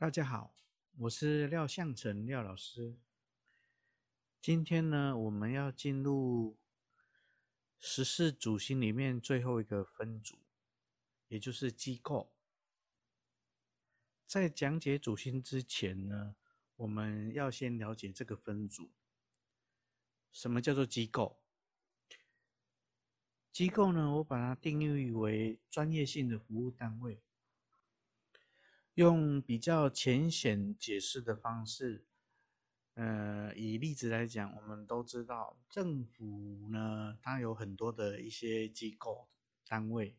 大家好，我是廖相程廖老師。今天呢，我們要進入十四主星裡面最後一個分組，也就是機構。在講解主星之前呢，我們要先了解這個分組。什麼叫做機構？機構呢，我把它定義為專業性的服務單位。用比較淺顯解釋的方式，呃，以例子來講，我們都知道政府呢，它有很多的一些機構單位，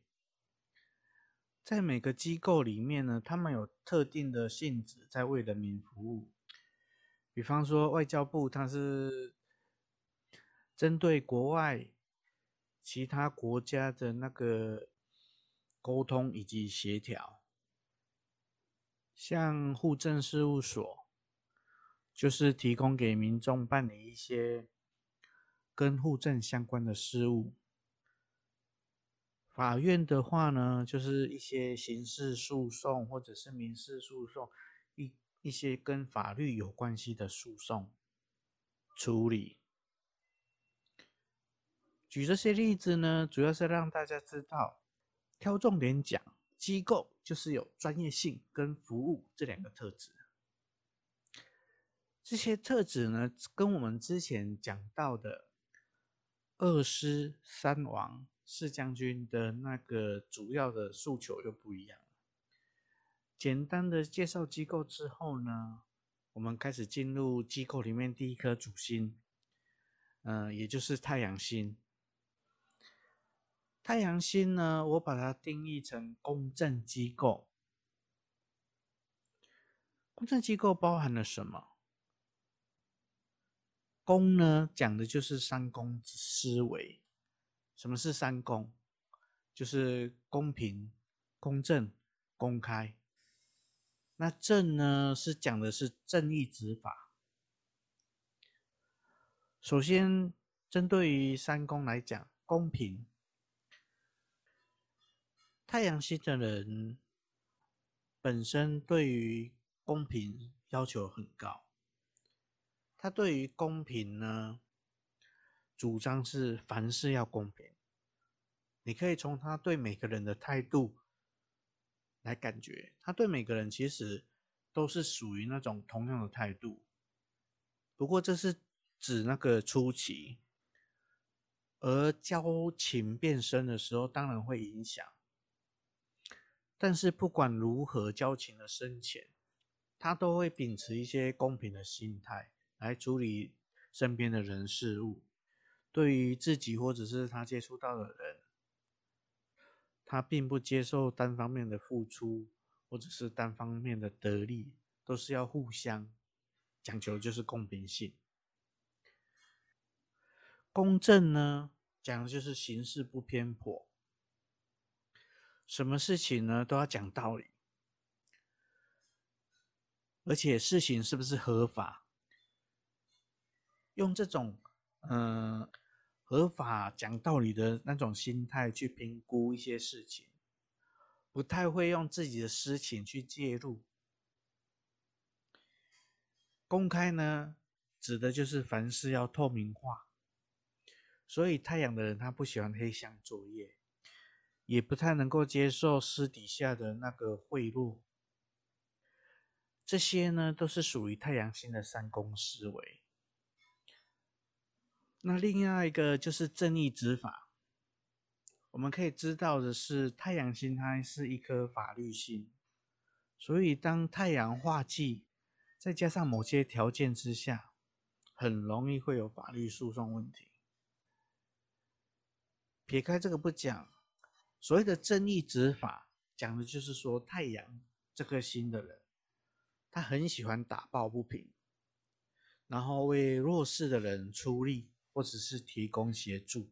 在每個機構裡面呢，他們有特定的性質在為人民服務。比方說外交部，它是針對國外其他國家的那個溝通以及協調。像戶政事務所，就是提供給民眾辦理一些跟戶政相關的事務。法院的話呢，就是一些刑事訴訟或者是民事訴訟，一一些跟法律有關係的訴訟處理。舉這些例子呢，主要是讓大家知道，挑重點講。機構就是有專業性跟服務這兩個特質，這些特質呢，跟我們之前講到的二師三王四將軍的那個主要的訴求就不一樣了。簡單的介紹機構之後呢，我們開始進入機構裡面第一顆主星，嗯、呃，也就是太陽星。太陽星呢，我把它定義成公正機構。公正機構包含了什麼？公呢，講的就是三公思維。什麼是三公？就是公平、公正、公開。那正呢，是講的是正義執法。首先，針對於三公來講，公平。太陽星的人本身對於公平要求很高，他對於公平呢主張是凡事要公平，你可以從他對每個人的態度來感覺，他對每個人其實都是屬於那種同樣的態度，不過這是指那個初期，而交情變深的時候，當然會影響。但是不管如何交情的深淺，他都會秉持一些公平的心態來處理身邊的人事物。對於自己或者是他接觸到的人，他並不接受單方面的付出或者是單方面的得利，都是要互相講求，就是公平性、公正呢，講的就是行事不偏頗。什麼事情呢？都要講道理，而且事情是不是合法？用這種嗯、呃、合法講道理的那種心態去評估一些事情，不太會用自己的私情去介入。公開呢，指的就是凡事要透明化。所以太陽的人他不喜歡黑箱作業。也不太能夠接受私底下的那個賄賂，這些呢都是屬於太陽星的三公思維。那另外一個就是正義執法。我們可以知道的是，太陽星它是一顆法律星，所以當太陽化忌，再加上某些條件之下，很容易會有法律訴訟問題。撇開這個不講。所謂的正義執法，講的就是說太陽這顆星的人，他很喜歡打抱不平，然後為弱勢的人出力或者是提供協助。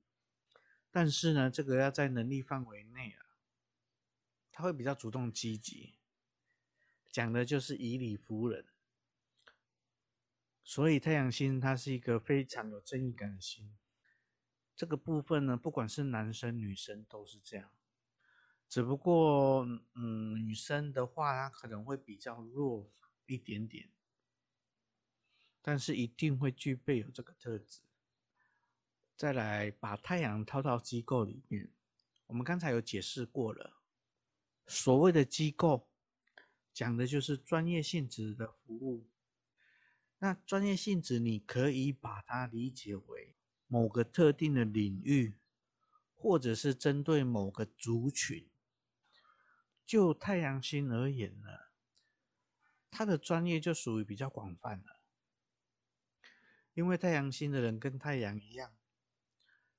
但是呢，這個要在能力範圍內啊，他會比較主動積極，講的就是以理服人。所以太陽星他是一個非常有正義感的星，這個部分呢，不管是男生女生都是這樣。只不過，嗯，女生的話，她可能會比較弱一點點，但是一定會具備有這個特質。再來把太陽套到機構裡面，我們剛才有解釋過了，所謂的機構，講的就是專業性質的服務。那專業性質，你可以把它理解為某個特定的領域，或者是針對某個族群。就太陽星而言呢，他的專業就屬於比較廣泛了，因為太陽星的人跟太陽一樣，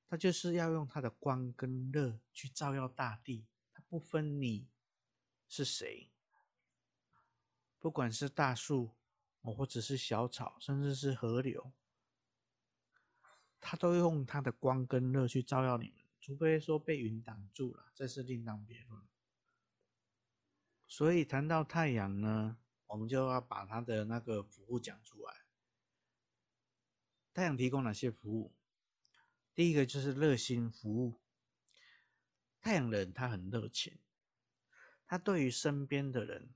他就是要用他的光跟熱去照耀大地，他不分你是誰，不管是大樹，或者是小草，甚至是河流，他都用他的光跟熱去照耀你們，除非說被雲擋住了，這是另當別論。所以談到太陽呢，我們就要把他的那個服務講出來。太陽提供哪些服務？第一個就是熱心服務。太陽人他很熱情，他對於身邊的人，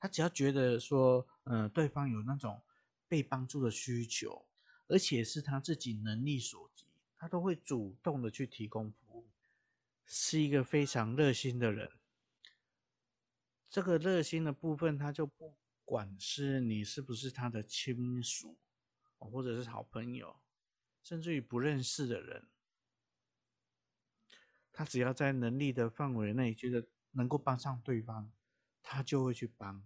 他只要覺得說，嗯、呃，對方有那種被幫助的需求，而且是他自己能力所及，他都會主動的去提供服務，是一個非常熱心的人。這個熱心的部分，他就不管是你是不是他的親屬，或者是好朋友，甚至於不認識的人，他只要在能力的範圍內，覺得能夠幫上對方，他就會去幫。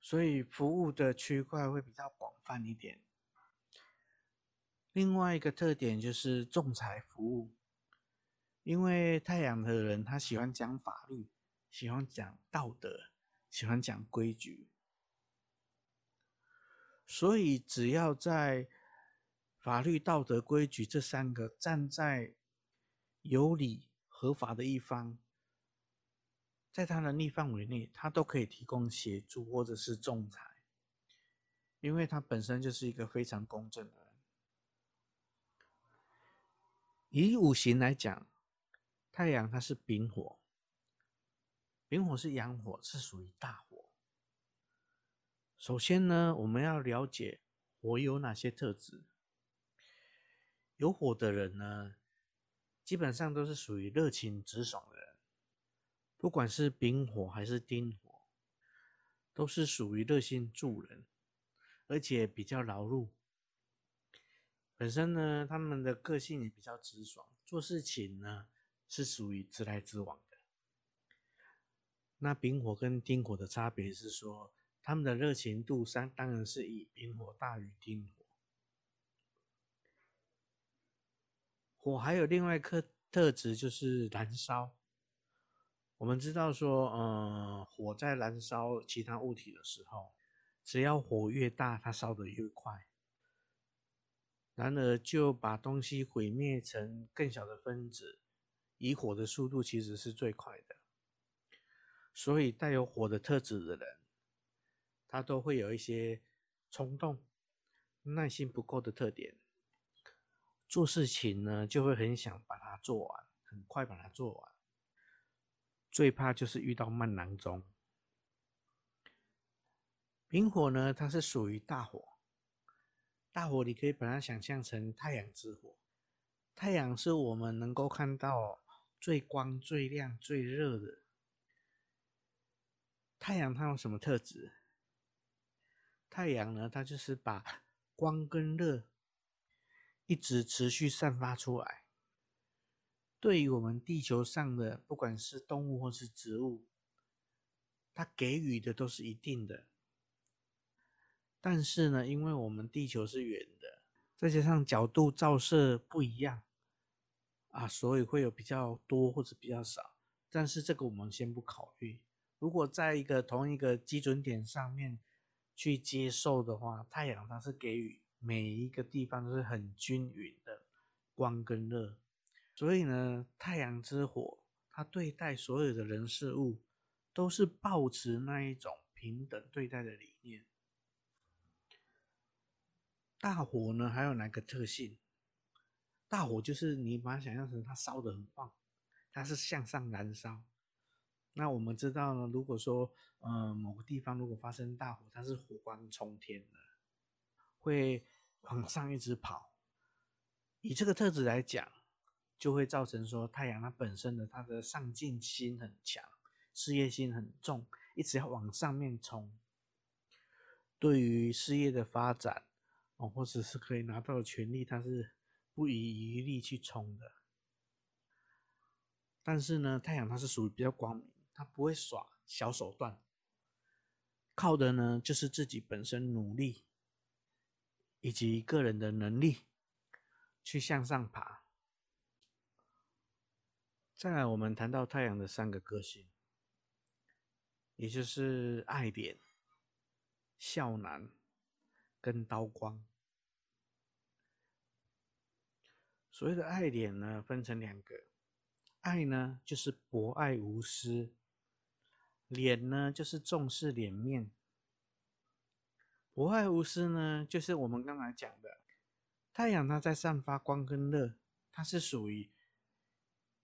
所以服務的區塊會比較廣泛一點。另外一個特點就是仲裁服務，因為太陽的人他喜歡講法律。喜歡講道德，喜歡講規矩，所以只要在法律、道德、規矩這三個站在有理合法的一方，在他的能力範圍內，他都可以提供協助或者是仲裁，因為他本身就是一個非常公正的人。以五行來講，太陽它是丙火。丙火是陽火，是屬於大火。首先呢，我們要了解火有哪些特質。有火的人呢，基本上都是屬於熱情直爽的人，不管是丙火還是丁火，都是屬於熱心助人，而且比較勞碌。本身呢，他們的個性也比較直爽，做事情呢，是屬於直來直往。那丙火跟丁火的差別是說，他們的熱情度上當然是以丙火大於丁火。火還有另外一個特質就是燃燒。我們知道說，嗯，火在燃燒其他物體的時候，只要火越大，它燒得越快。然而就把東西毀滅成更小的分子，以火的速度其實是最快的。所以，帶有火的特質的人，他都會有一些衝動、耐心不夠的特點。做事情呢，就會很想把它做完，很快把它做完。最怕就是遇到慢郎中。丙火呢，它是屬於大火。大火，你可以把它想象成太陽之火。太陽是我們能夠看到最光、最亮、最熱的。太陽它有什麼特質？太陽呢，它就是把光跟熱一直持續散發出來。對於我們地球上的，不管是動物或是植物，它給予的都是一定的。但是呢，因為我們地球是圓的，再加上角度照射不一樣，啊，所以會有比較多或者比較少。但是這個我們先不考慮。如果在一個同一個基準點上面去接受的話，太陽它是給予每一個地方都是很均勻的光跟熱，所以呢，太陽之火它對待所有的人事物都是抱持那一種平等對待的理念。大火呢，還有哪個特性？大火就是你把它想象成它燒的很旺，它是向上燃燒。那我們知道呢，如果說，嗯，某個地方如果發生大火，它是火光衝天的，會往上一直跑。以這個特質來講，就會造成說太陽它本身的它的上進心很強，事業心很重，一直要往上面衝。對於事業的發展哦，或者是可以拿到的權力，它是不遺餘力去衝的。但是呢，太陽它是屬於比較光明。他不會耍小手段，靠的呢就是自己本身努力，以及個人的能力去向上爬。再來，我們談到太陽的三個個性，也就是愛點、孝男跟刀光。所謂的愛點呢，分成兩個，愛呢就是博愛無私。臉呢，就是重視臉面；博愛無私呢，就是我們剛才講的太陽。它在散發光跟熱，它是屬於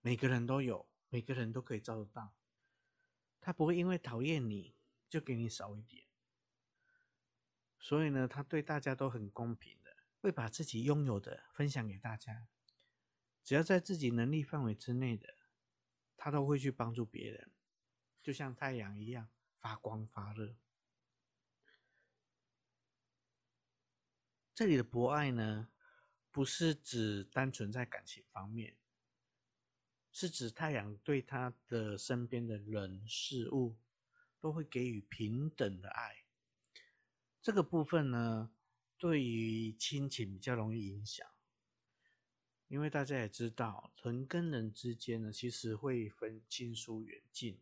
每個人都有，每個人都可以照得到。它不會因為討厭你就給你少一點，所以呢，它對大家都很公平的，會把自己擁有的分享給大家。只要在自己能力範圍之內的，他都會去幫助別人。就像太陽一樣發光發熱。這裡的博愛呢，不是指單純在感情方面，是指太陽對他的身邊的人事物都會給予平等的愛。這個部分呢，對於親情比較容易影響，因為大家也知道，人跟人之間呢，其實會分親疏遠近。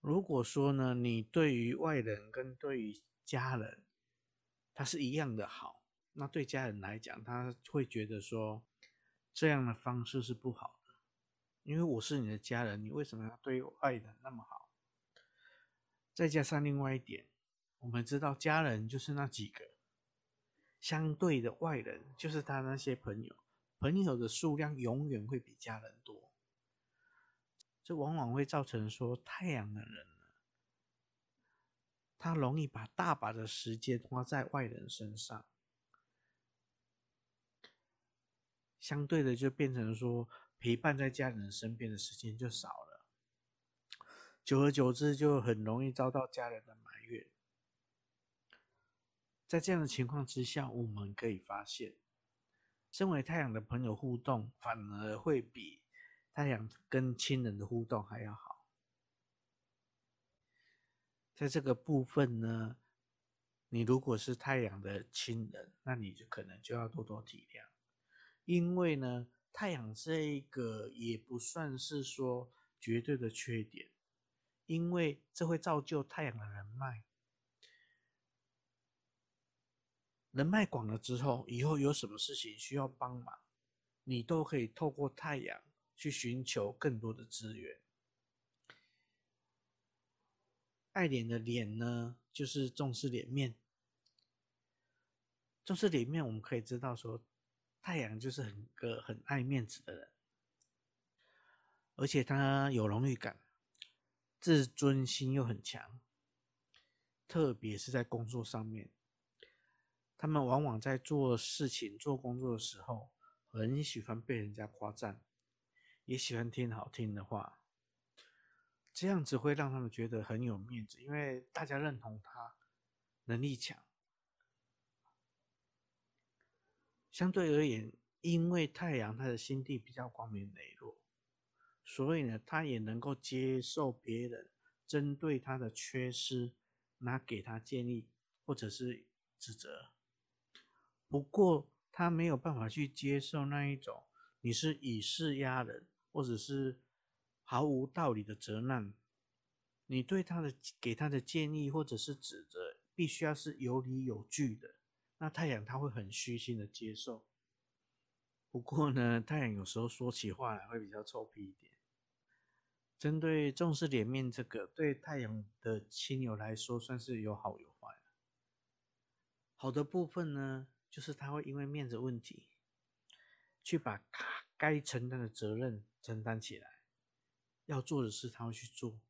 如果說呢，你對於外人跟對於家人，他是一樣的好，那對家人來講，他會覺得說這樣的方式是不好的，因為我是你的家人，你為什麼要對於外人那麼好？再加上另外一點，我們知道家人就是那幾個，相對的外人就是他那些朋友，朋友的數量永遠會比家人多。這往往會造成說，太陽的人呢，他容易把大把的時間花在外人身上，相對的就變成說，陪伴在家人身邊的時間就少了，久而久之就很容易遭到家人的埋怨。在這樣的情況之下，我們可以發現，身為太陽的朋友互動反而會比。太陽跟親人的互動還要好，在這個部分呢，你如果是太陽的親人，那你就可能就要多多體諒，因為呢，太陽這一個也不算是說絕對的缺點，因為這會造就太陽的人脈，人脈廣了之後，以後有什麼事情需要幫忙，你都可以透過太陽。去尋求更多的資源。愛臉的臉呢，就是重視臉面。重視臉面，我們可以知道說，太陽就是很個很愛面子的人，而且他有榮譽感，自尊心又很強。特別是在工作上面，他們往往在做事情、做工作的時候，很喜歡被人家誇讚。也喜歡聽好聽的話，這樣子會讓他們覺得很有面子，因為大家認同他能力強。相對而言，因為太陽他的心地比較光明磊落，所以呢，他也能夠接受別人針對他的缺失，拿給他建議或者是指責。不過他沒有辦法去接受那一種，你是以勢壓人。或者是毫無道理的責難，你對他的、給他的建議或者是指責，必須要是有理有據的，那太陽他會很虛心的接受。不過呢，太陽有時候說起話來會比較臭屁一點。針對重視臉面這個，對太陽的親友來說算是有好有壞。好的部分呢，就是他會因為面子問題去把該承擔的責任承擔起來，要做的事他會去做。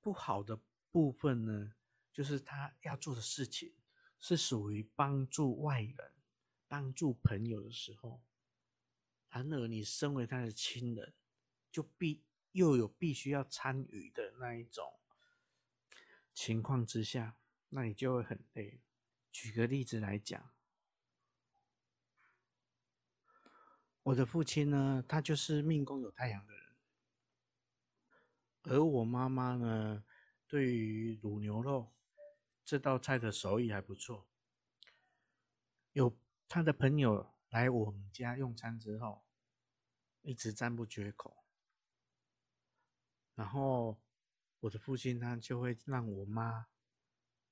不好的部分呢，就是他要做的事情是屬於幫助外人、幫助朋友的時候，然而你身為他的親人，就必又有必須要參與的那一種情況之下，那你就會很累。舉個例子來講。我的父親呢，他就是命宮有太陽的人，而我媽媽呢，對於滷牛肉這道菜的手藝還不錯，有他的朋友來我們家用餐之後，一直讚不絕口。然後我的父親他就會讓我媽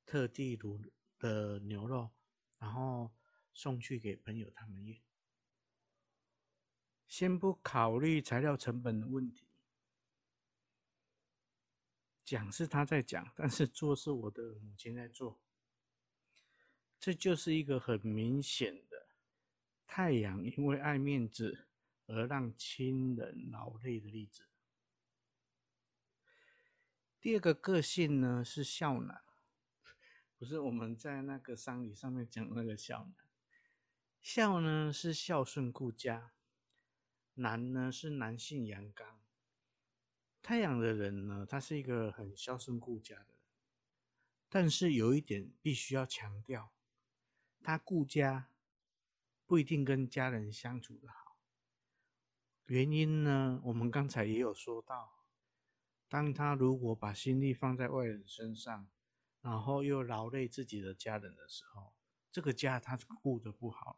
特地滷的牛肉，然後送去給朋友他們用。先不考慮材料成本的問題，講是他在講，但是做是我的母親在做，這就是一個很明顯的太陽，因為愛面子而讓親人勞累的例子。第二個個性呢，是孝男。不是我們在那個喪禮上面講那個孝男，孝呢是孝順顧家。男呢是男性陽剛，太陽的人呢，他是一個很孝順顧家的人，但是有一點必須要強調，他顧家不一定跟家人相處的好。原因呢，我們剛才也有說到，當他如果把心力放在外人身上，然後又勞累自己的家人的時候，這個家他顧得不好。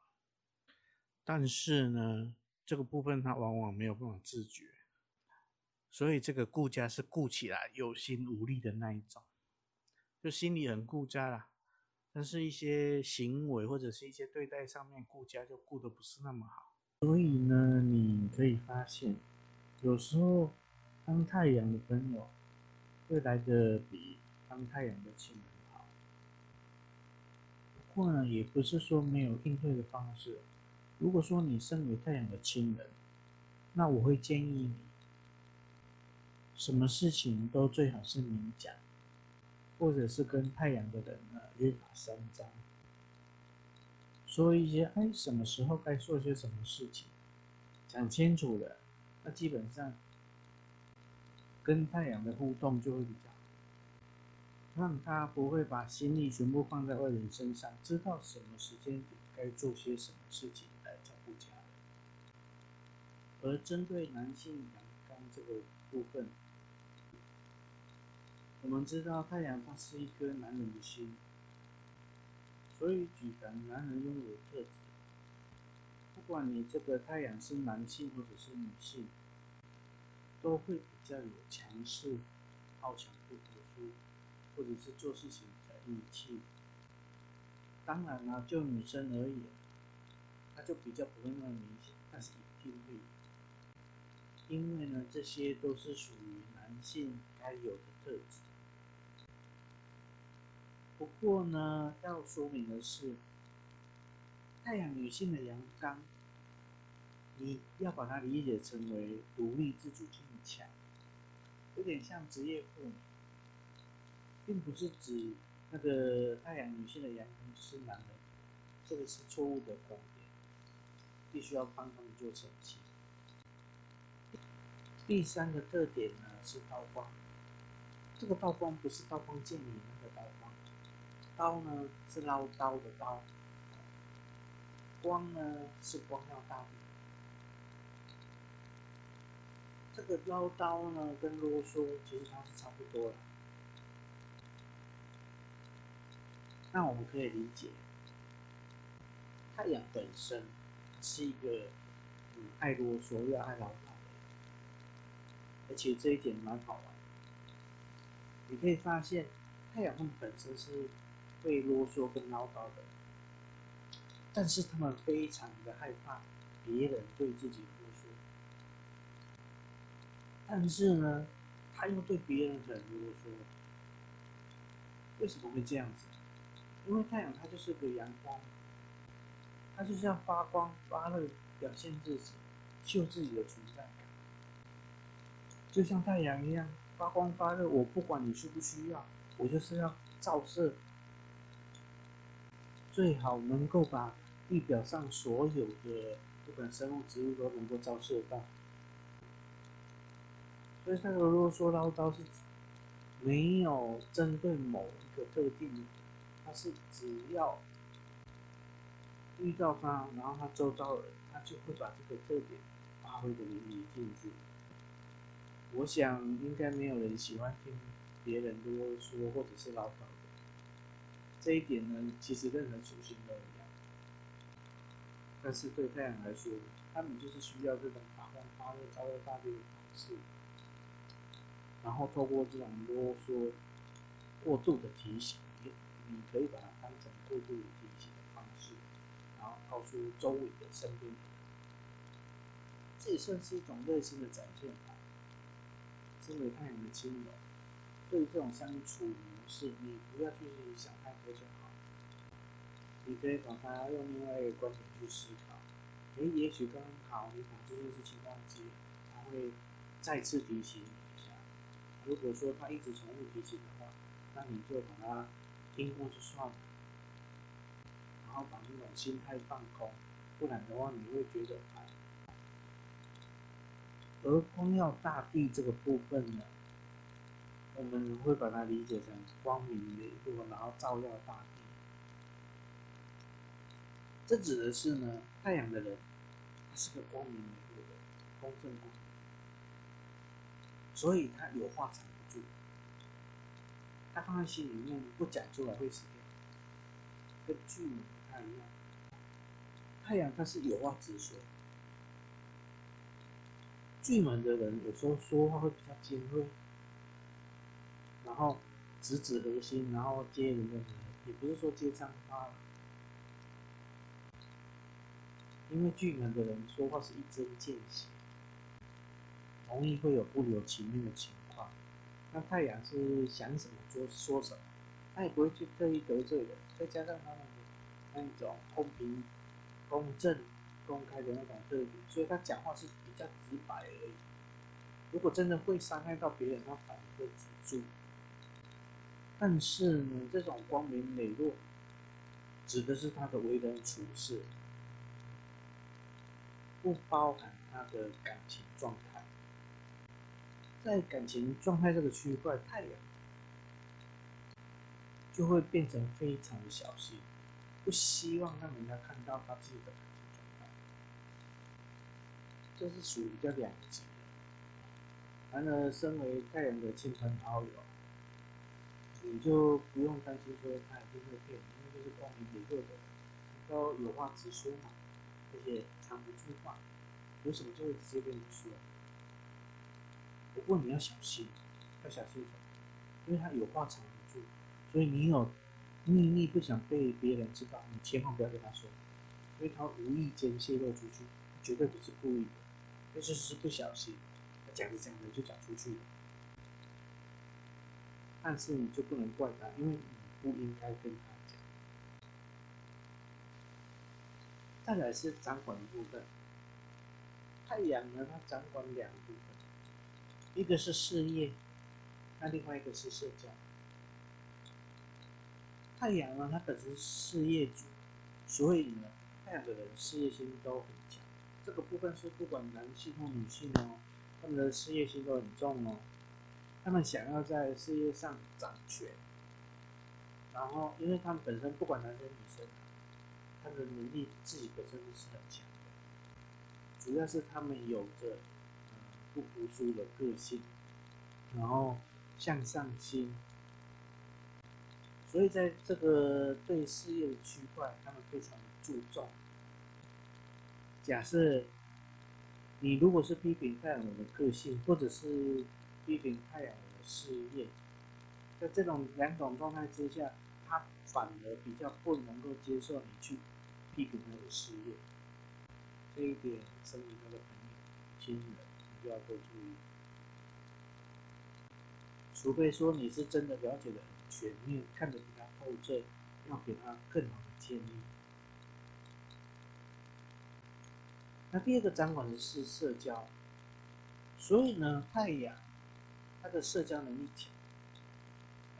但是呢。這個部分他往往沒有辦法自覺，所以這個顧家是顧起來有心無力的那一種，就心裡很顧家啦，但是一些行為或者是一些對待上面顧家就顧得不是那麼好。所以呢，你可以發現，有時候當太陽的朋友，會來得比當太陽的親人好，不過呢，也不是說沒有應對的方式。如果說你身為太陽的親人，那我會建議你，什麼事情都最好是你講，或者是跟太陽的人呢，約法三章，說一些哎什麼時候該做些什麼事情，講清楚了，那基本上跟太陽的互動就會比較好，讓他不會把心力全部放在外人身上，知道什麼時間該做些什麼事情。而針對男性陽剛這個部分，我們知道太陽它是一顆男人的心。所以舉凡男人擁有特質，不管你這個太陽是男性或者是女性，都會比較有強勢、好強不服，或者是做事情的底氣。當然了、啊，就女生而言，她就比較不會那麼明顯，但是一定會。因為呢，這些都是屬於男性該有的特質。不過呢，要說明的是，太陽女性的陽剛，你要把它理解成為獨立自主性強，有點像職業婦女，並不是指那個太陽女性的陽剛是男人，這個是錯誤的觀點，必須要幫他們做澄清。第三個特點呢是刀光，這個刀光不是《刀光劍影》那個刀光，刀呢是嘮叨的叨，光呢是光耀大地。這個嘮叨呢跟囉嗦其實它是差不多的，那我們可以理解，太陽本身是一個嗯愛囉嗦又愛嘮叨。而且這一點蠻好玩的，你可以發現，太陽他們本身是會囉嗦跟嘮叨的，但是他們非常的害怕別人對自己囉嗦，但是呢，他又對別人很囉嗦，為什麼會這樣子？因為太陽它就是個陽光，它就像發光發熱表現自己，秀自己的存在。就像太陽一樣發光發熱，我不管你需不需要，我就是要照射，最好能夠把地表上所有的這種生物植物，都能夠照射到。所以這個囉嗦嘮叨是，沒有針對某一個特定，它，是只要遇到它，然後它周遭而，它就會把這個特點發揮的淋漓盡致。我想應該沒有人喜歡聽別人囉嗦或者是嘮叨的，這一點呢，其實任何屬性都一樣。但是對太陽來說，他們就是需要這種發光發熱、照耀大地的方式。然後透過這種囉嗦、過度的提醒，你你可以把它當成過度提醒的方式，然後告訴周圍的身邊人。這也算是一種內心的展現。因為他很輕了，對於這種相處模式，你不要去想太多就好。你可以把他用另外一個觀點去思考。哎、欸，也許剛好你把這件事情忘記，他會再次提醒你一下。如果說他一直重複提醒的話，那你就把他聽過去算了，然後把這種心態放空。不然的話，你會覺得他。而光耀大地這個部分呢，我們會把它理解成光明磊落，然後照耀大地。這指的是呢，太陽的人，他是個光明磊落的人，公正光明。所以他有話藏不住，他放在心裡面不講出來會死掉。跟巨門不太一樣，太陽它是有話直說。巨門的人有時候說話會比較尖銳，然後直指核心，然後揭人短，也不是說揭髒話、啊。因為巨門的人說話是一針見血，容易會有不留情面的情況。那太陽是想什麼說說什麼，他也不會去特意得罪人。再加上他的那一個、那種公平、公正、公開的那種特點，所以他講話是。比較直白而已。如果真的會傷害到別人，他反而會止住。但是呢，這種光明磊落，指的是他的為人處事，不包含他的感情狀態。在感情狀態這個區塊，太陽，就會變成非常小心，不希望讓人家看到他自己的。這是屬於比較了解的。完了，身為太陽的親朋好友，你就不用擔心說他就會變，因為這是光明磊落的，都有話直說嘛，而且藏不住話，有什麼就會直接跟你說。不過你要小心，要小心一點，因為他有話藏不住，所以你有秘密不想被別人知道，你千萬不要跟他說，因為他無意間洩露出去，絕對不是故意的。就是是不小心，講着講着就講出去了。但是你就不能怪他，因為你不應該跟他講。再來是掌管的部分，太陽呢，它掌管兩部分，一個是事業，那另外一個是社交。太陽啊，它本身是事業主，所以呢，太陽的人事業心都很強。這個部分是不管男性或女性哦，他們的事業心都很重哦，他們想要在事業上掌權，然後因為他們本身不管男生女生，他的能力自己本身就是很強的，主要是他們有着不服輸的個性，然後向上心，所以在這個對事業的區塊，他們非常注重。假設你如果是批評太陽的個性，或者是批評太陽的事業，在這種兩種狀態之下，他反而比較不能夠接受你去批評他的事業。這一點，身為他的朋友、親人，千萬要多注意。除非說你是真的了解的很全面，看着他的後盾，要給他更好的建議。那第二個掌管的是社交，所以呢，太陽他的社交能力強，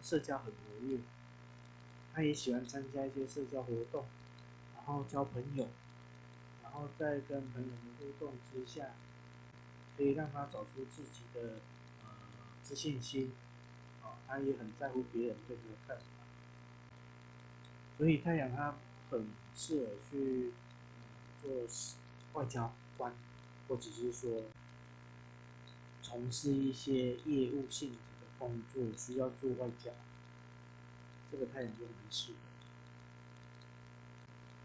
社交很活躍，他也喜歡參加一些社交活動，然後交朋友，然後在跟朋友們互動之下，可以讓他找出自己的呃自信心，啊、哦，他也很在乎別人對他的看法，所以太陽他很適合去做事。外交官，或者是說從事一些業務性質的工作需要做外交，這個太陽就很適合。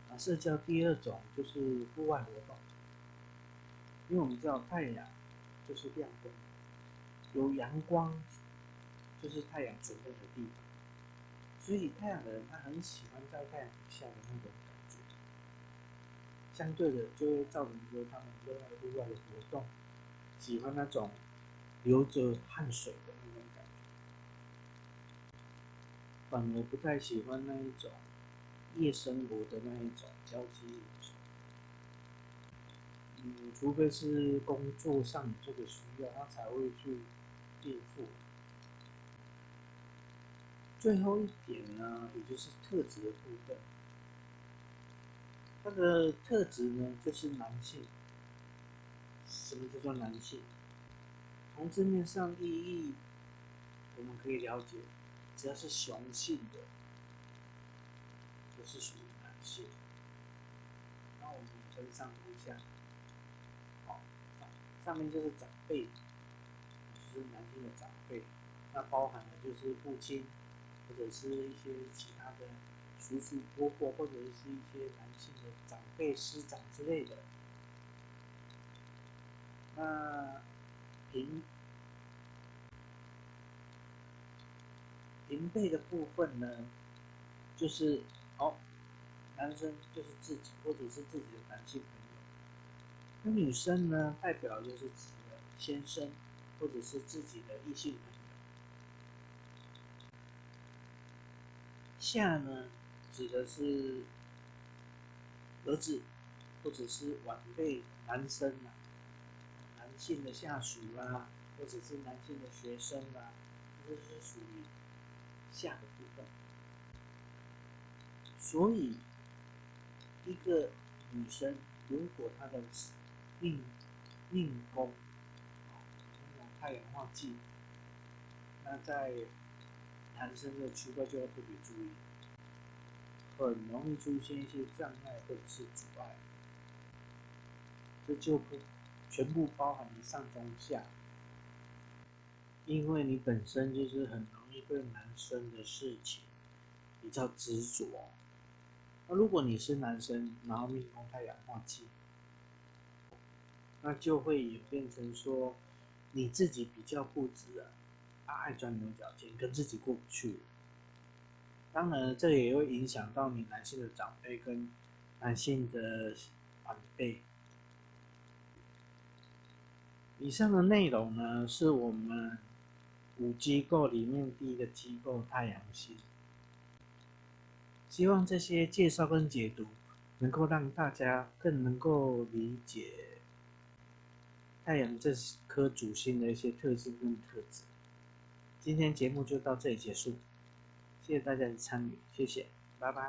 啊，社交第二種就是戶外活動，因為我們知道太陽就是亮光，有陽光就是太陽所在的地方，所以太陽的人他很喜歡在太陽底下的那種、個。相對的，就會造成說他們做那個戶外的活動，喜歡那種流着汗水的那種感覺。反而不太喜歡那一種夜生活的那一種交際。嗯，除非是工作上這個需要，他才會去應付。最後一點呢、啊，也就是特質的部分。它的特質呢，就是男性。什麼叫做男性？從字面上意義，我們可以了解，只要是雄性的，都是屬於男性。那我們分上一下，好，上面就是長輩，就是男性的長輩，那包含的就是父親，或者是一些其他的。叔叔伯伯，或者是一些男性的長輩師長之類的。那平平輩的部分呢，就是哦，男生就是自己或者是自己的男性朋友，那女生呢，代表就是自己的先生或者是自己的異性朋友。下呢。指的是兒子，或者是晚輩、男生啊，男性的下屬啊，或者是男性的學生啊，這些是屬於下的部分。所以，一個女生如果她的命命宮啊，太陽化忌，那在男生的區塊就要特別注意。很容易出現一些障礙或者是阻礙，這就不全部包含了上中下，因為你本身就是很容易對男生的事情比較執着。那如果你是男生，然後命宮太陽化忌，那就會演變成說你自己比較固執啊啊，愛鑽牛角尖，跟自己過不去。當然，這也會影響到你男性的長輩跟男性的晚輩。以上的內容呢，是我們五機構裡面第一個機構太陽系。希望這些介紹跟解讀，能夠讓大家更能夠理解太陽這顆主星的一些特性跟特質。今天節目就到這裡結束。謝謝大家的參與，謝謝，拜拜。